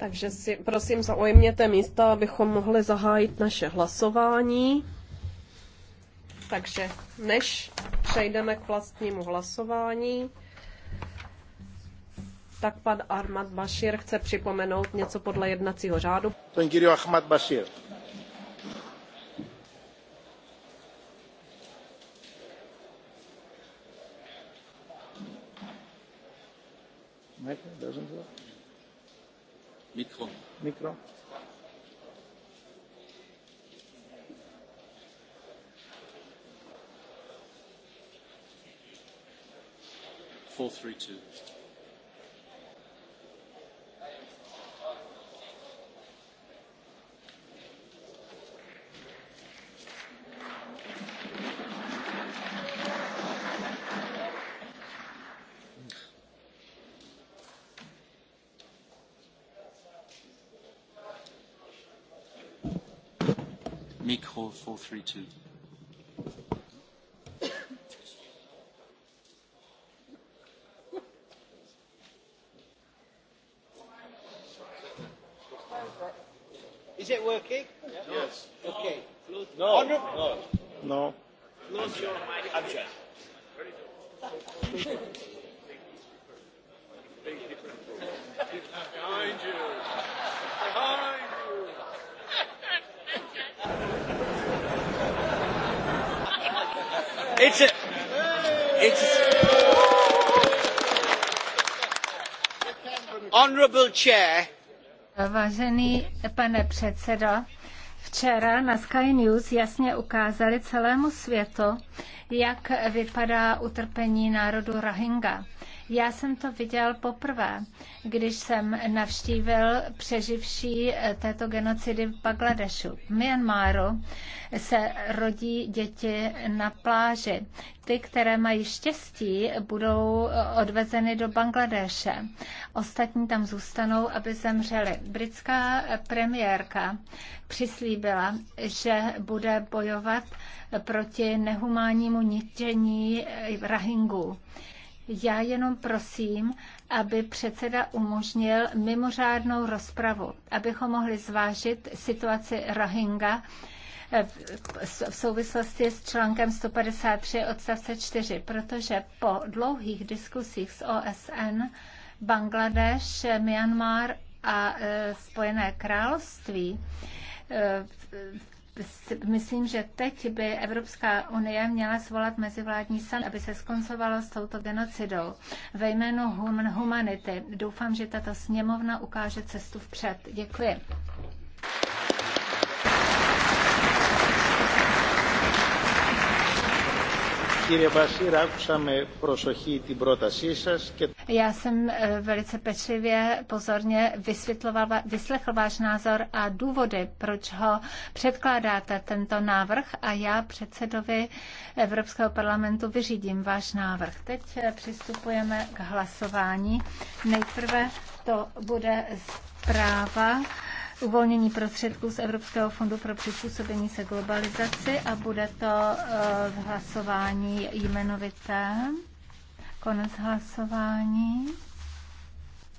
Takže si prosím zaujměte místa, abychom mohli zahájit naše hlasování. Takže než přejdeme k vlastnímu hlasování, tak pan Ahmad Bashir chce připomenout něco podle jednacího řádu. Ten Ahmad Bashir. doesn't work. Mikro. Mikro. Four, three, two. Micro 432. Is it working? Yes. Okay. No. No. No. Close your mic. It's a, it's honorable chair. Vážený pane předsedo, včera na Sky News jasně ukázali celému světu, jak vypadá utrpení národu Rohingya já jsem to viděl poprvé, když jsem navštívil přeživší eh, této genocidy v Bangladešu. V Myanmaru se rodí děti na pláži. Ty, které mají štěstí, budou eh, odvezeny do Bangladeše. Ostatní tam zůstanou, aby zemřeli. Britská eh, premiérka přislíbila, že bude bojovat proti nehumánnímu ničení Rahingu. Já jenom prosím, aby předseda umožnil mimořádnou rozpravu, abychom mohli zvážit situaci Rohingya v souvislosti s článkem 153 odstavce 4, protože po dlouhých diskusích s OSN Bangladeš, Myanmar a e, Spojené království e, myslím, že teď by Evropská unie měla svolat mezivládní sam, aby se skoncovalo s touto genocidou ve jménu hum- humanity. Doufám, že tato sněmovna ukáže cestu vpřed. Děkuji. Já jsem eh, velice pečlivě, pozorně vyslechl váš názor a důvody, proč ho předkládáte, tento návrh, a já předsedovi Evropského parlamentu vyřídím váš návrh. Teď eh, přistupujeme k hlasování. Nejprve to bude zpráva uvolnění prostředků z Evropského fondu pro přizpůsobení se globalizaci a bude to eh, v hlasování jmenovité. Konec hlasování.